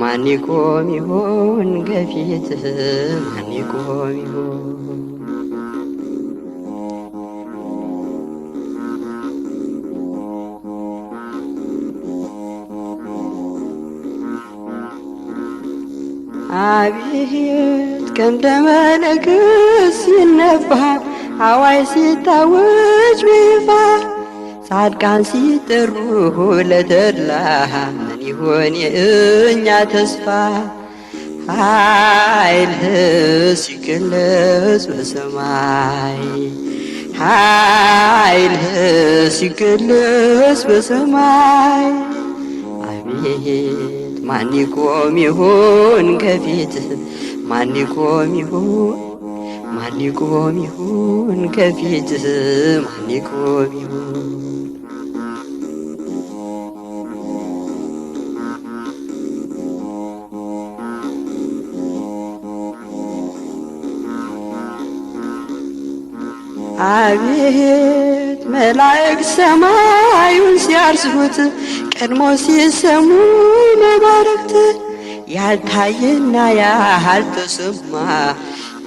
ማን ይቆም ይሆን ከፊትህ ማን ይቆም ይሆን አቤት ከም ደመ ነግስ ሲነፋ አዋይ ሲታወጅ ይፋ ጻድቃን ሲጠሩ ለተድላ ምን ይሆን የእኛ ተስፋ? ኃይል ሲገለጽ በሰማይ ኃይል ሲገለጽ በሰማይ አቤት ማን ይቆም ይሆን ከፊትህ ማን ይቆም ይሆን ማን ይሁን ከፊት ማን አቤት መላእክ ሰማዩን ሲያርሱት ቀድሞ ሲሰሙ መባረክት ያልታየና ያልተሰማ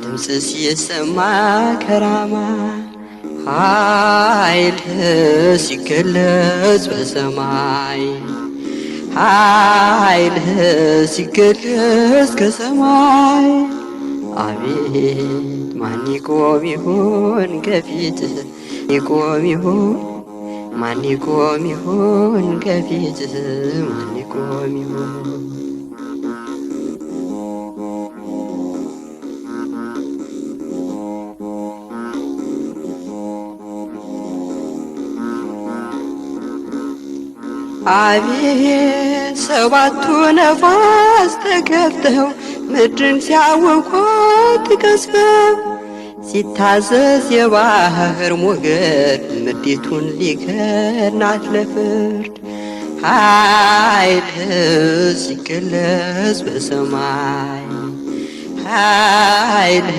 ድምፅ ሲሰማ ከራማ ኃይልህ ሲገለጽ በሰማይ ኃይልህ ሲገለጽ ከሰማይ አቤት ማን ይቆም ይሆን ከፊትህ ይቆም ይሆን ማን ይቆም ይሆን ከፊትህ ማን ይቆም ይሆን አቤት ሰባቱ ነፋስ ተከፍተው ምድርን ሲያወቋት ቀዝፈው ሲታዘዝ የባህር ሞገድ ምድሪቱን ሊከናት ለፍርድ ኃይል ሲገለጽ በሰማይ ኃይል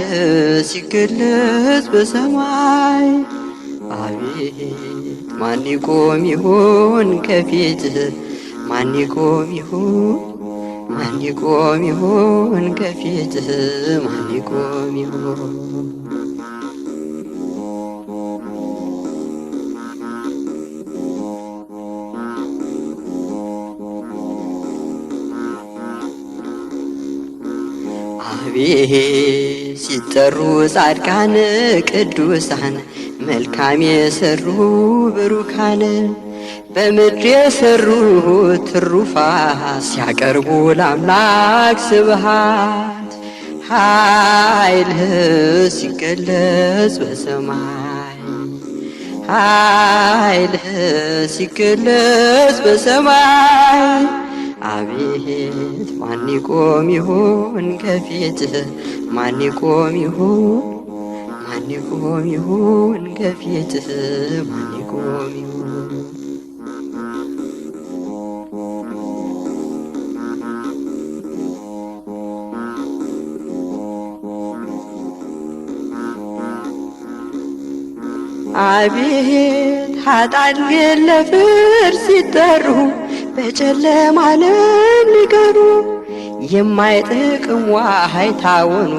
ሲገለጽ በሰማይ አቤት ማን ይቆም ይሆን ከፊትህ? ማን ይቆም ይሆን? ማን ይቆም ይሆን ከፊትህ? ማን ይቆም ይሆን? አቤት ሲጠሩ ጻድቃን ቅዱሳን መልካም የሰሩ ብሩካን በምድር የሰሩ ትሩፋ ሲያቀርቡ ለአምላክ ስብሃት ኃይል ሲገለጽ በሰማይ ኃይል ሲገለጽ በሰማይ አቤት ማን ይቆም ይሁን ከፊት ማን ይቆም ይሁን ማንቆም ይሁን ከፊትህ ማንቆም ይሁን አቤት ኃጥአን ግን ለፍርድ ሲጠሩ በጨለማ ዓለም ሊቀሩ የማይጥቅ ዋሃይታ ሆኖ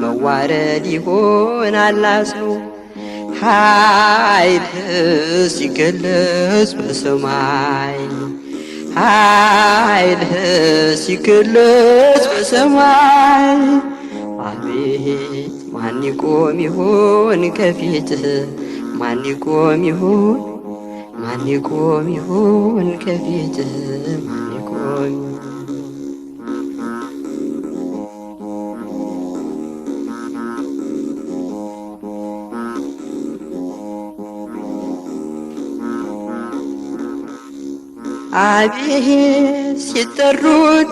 መዋረድ ይሆናል አስሎ ኃይል ሲገለጽ በሰማይ ኃይል ሲገለጽ በሰማይ አቤት ማን ይቆም ይሆን ከፊት ማን ይቆም ይሆን ማን ይቆም ይሆን ከፊት ማን ይቆም አቤት ሲጠሩ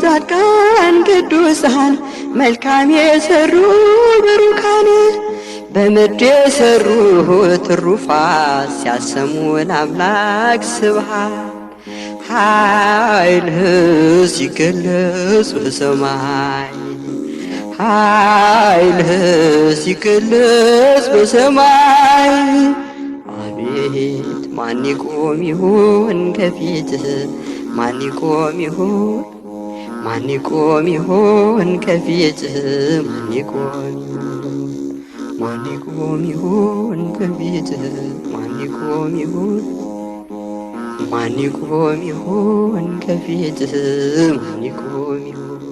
ጻድቃን ቅዱሳን መልካም የሰሩ ብሩካን በምድር የሰሩ ትሩፋት ሲያሰሙ ለአምላክ ስብሃት ኃይልህ ሲገለጽ በሰማይ ኃይልህ ሲገለጽ በሰማይ አቤት ማን ይቆም ይሁን ከፊትህ ማን ይቆም ይሁን ማን ይቆም ይሁን ከፊትህ ማን ይቆም ማን ይቆም ይሁን ከፊትህ ማን ይቆም ይሁን ማን ይቆም ይሁን ከፊትህ ማን ይቆም ይሁን